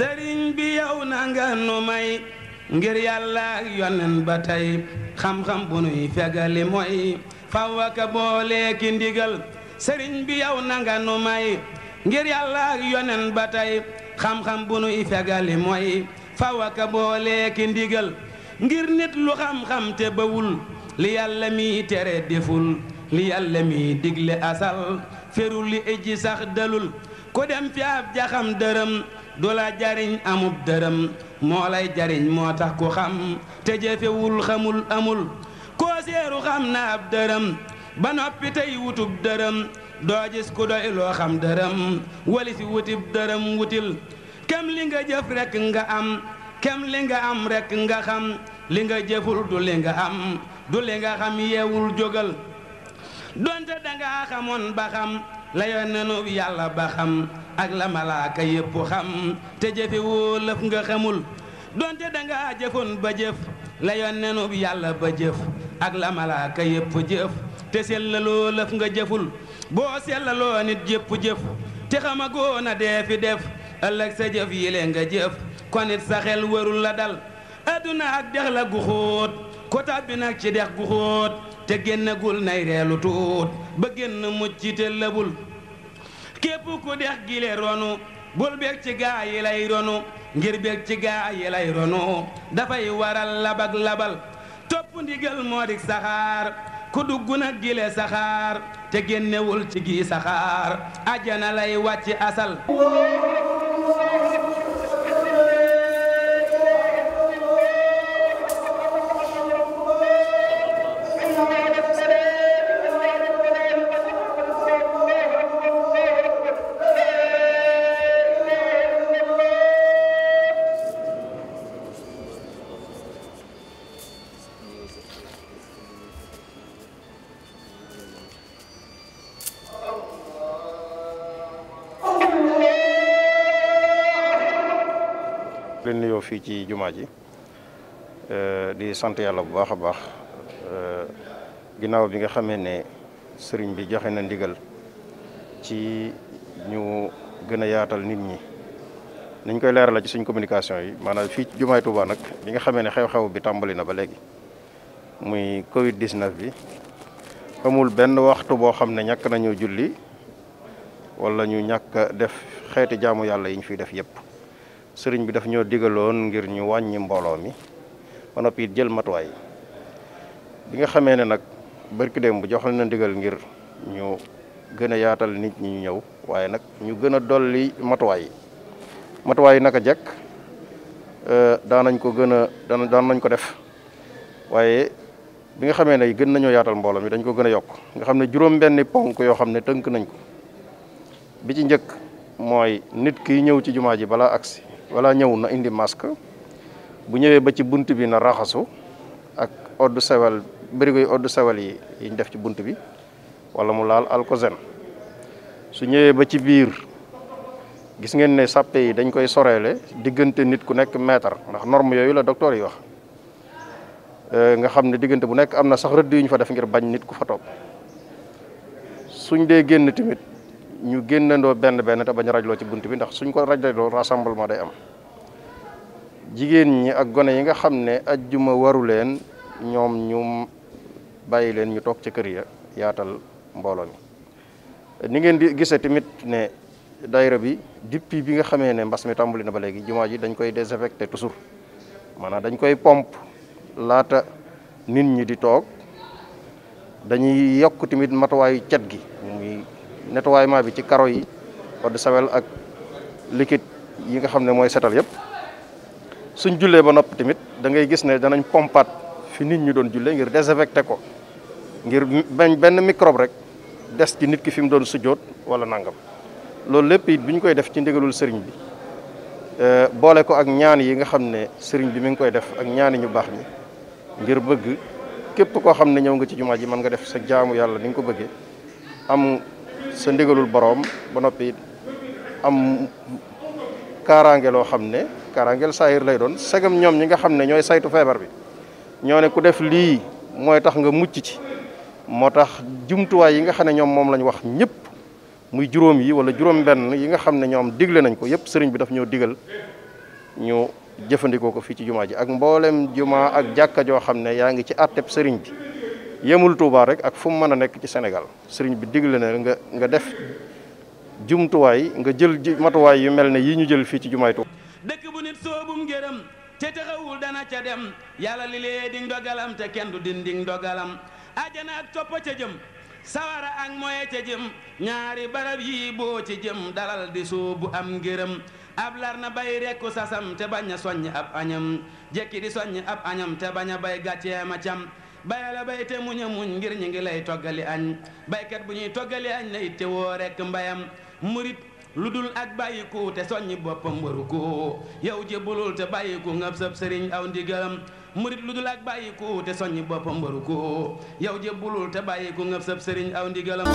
sëriñ bi yow na nga nu may ngir yàlla ak yonen ba tey xam-xam bu nuy fegali mooy fawaka boole ki ndigal sëriñ bi yow na nu may ngir yàlla ak yonen ba tey xam-xam bu nuy fegali mooy fawaka boole ki ndigal ngir nit lu xam-xam te bawul li yàlla mi tere deful li yàlla mi digle asal ferul li ejji sax dalul ku dem fi ab jaxam dërëm du la jariñ amub dërëm moo lay jariñ moo tax ku xam te jëfewul xamul amul koo seeru xam na ab dërëm ba noppi tey wutub dërëm doo gis ku doy loo xam dërëm wali si wutib dërëm wutil kem li nga jëf rekk nga am kem li nga am rekk nga xam li nga jëful du li nga am du li nga xam yeewul jógal donte dangaa xamoon ba xam la yoon nenu yàlla ba xam ak la malaaka yépp xam te jëfi woo lëf nga xamul donte danga jëfoon ba jëf la yàlla ba jëf ak la malaaka yépp jëf te sellaloo lëf nga jëful boo sellaloo nit jëpp jëf te xamagoo na dee fi def ëllëg sa jëf yile nga jëf konit it sa xel warul la dal adduna ak dex la gu xóot ku tàbbi ci dex gu xóot te génnagul nay reelu ba génn mucc te lëbul képp ku dex gile ronu bul bég ci gaa yi ronu ngir bég ci gaa yi ronu dafay waral labak labal topp ndigal moo dik saxaar ku dugg nag gile saxaar te génnewul ci gi saxaar ajana lay wàcc asal leen nuyoo fii ci jumaa ji euh, di sant yàlla bu baax a baax euh, ginnaaw bi nga xamee ne sëriñ bi joxe na ndigal ci ñu gën a yaatal nit ñi niñ koy leeral ci suñ communication yi maanaa fii ci jumaay Tuubaa nag bi nga xamee ne xew-xew bi tàmbali na ba léegi muy Covid 19 bi amul benn waxtu boo xam ne ñàkk nañu julli wala ñu ñàkk def xeeti jaamu yàlla yi ñu fiy def yëpp. sëriñ bi daf ñoo digaloon ngir ñu wàññi mbooloo mi ba noppi jël matuwaay bi nga xamee ne nag barki démb bu joxal na digal ngir ñu gën a yaatal nit ñi ñu ñëw waaye nag ñu gën a dolli matuwaay matuwaay yi naka jekk euh, daan nañ ko gën a daan nañ ko def waaye bi nga xamee ne gën nañoo yaatal mbooloo mi dañ ko gën a yokk nga xam ne juróom-benni ponk yoo xam ne tënk nañ ko bi ci njëkk mooy nit ki ñëw ci jumaa ji balaa agsi wala ñëw na indi masque bu ñëwee ba ci bunt bi na raxasu ak oddu sawel bërigo yi oddu sawel yi yiñ def ci bunt bi wala mu laal alkozène su ñëwee ba ci biir gis ngeen ne sàppe yi dañ koy soreele diggante nit ku nekk mètre ndax norme yooyu la docteur yi wax euh, nga xam ne diggante bu nekk am na sax rëdd yu ñu fa def ngir bañ nit ku fa toog suñ dee génn tamit ñu génnandoo ben ben ta bañ rajlo ci buntu bi ndax suñ ko rajloo rassemblement day am jigen ñi ak gone yi nga xam aljuma waru len ñom ñu bayi len ñu tok ci kër ya yaatal mbolo ni ni ngeen di gisse timit ne daayira bi dipi bi nga xamé ne mbass mi tambuli na ba mana juma ji dañ koy désinfecter toujours mana dañ koy pompe lata nit ñi di tok dañuy yokk timit matuwaayu ciat gi nettoyement bi ci karo yi wad sawel ak liquide yi nga xamne moy setal yëpp suñ julle ba noppi timit da ngay gis ne danañ pompat fi nit ñu doon julle ngir désinfecter ko ngir bañ ben microbe rek dess ci nit ki fim doon sujjoot wala nangam lool lepp it bi koy def ci ndegalul sëriñ bi euh, boole ko ak ñaan yi nga xamne sëriñ bi mi ngi koy def ak ñaan ñu bax ni ngir bëgg képp ko xamne ñew nga ci juma ji man nga def sa jaamu yalla ni nga ko bëgge am sa ndigalul boroom ba noppi am kaaraange loo xam ne kaaraangeel saayir lay doon segam ñoom ñi nga xam ne ñooy saytu feebar bi ñoo ne ku def lii mooy tax nga mucc ci moo tax jumtuwaay yi nga xam ne ñoom moom lañ wax ñëpp muy juróom yi wala juróom yi nga xam ne ñoom digle nañ ko yëpp sëriñ bi daf ñoo digal ñu jëfandikoo ko fii ci jumaa ji ak mboolem jumaa ak jàkka joo xam ne yaa ngi ci àtteb sëriñ bi yemul Touba rek ak fu mu mën a nekk ci senegal sëriñ bi digle na nga nga def jumtuwaay nga jël matuwaay yu mel ne yi ñu jël fii ci jumaay Touba. dëkk bu nit soobum ngërëm te taxawul dana ca dem yàlla li lee ding dogalam te kenn du din ding dogalam ajana ak coppa ca jëm sawara ak moye ca jëm ñaari barab yi boo ci jëm dalal di soobu am ngërëm ab lar na bay rekku sasam te bañ a soññ ab añam jekki di soññ ab añam te bañ a bay gàcceema cam bayala bay te muñ a muñ ngir ñi ngi lay toggali añ baykat bu ñuy toggali añ na itte woo mbayam murit lu dul ak bàyyiku te soññi boppam waru ko yow jébbulul te bàyyiku ngab sab sëriñ aw ndigalam murit lu dul ak bàyyiku te soññi boppam waru ko yow jébbulul te bàyyiku ngab sab sëriñ aw ndigalam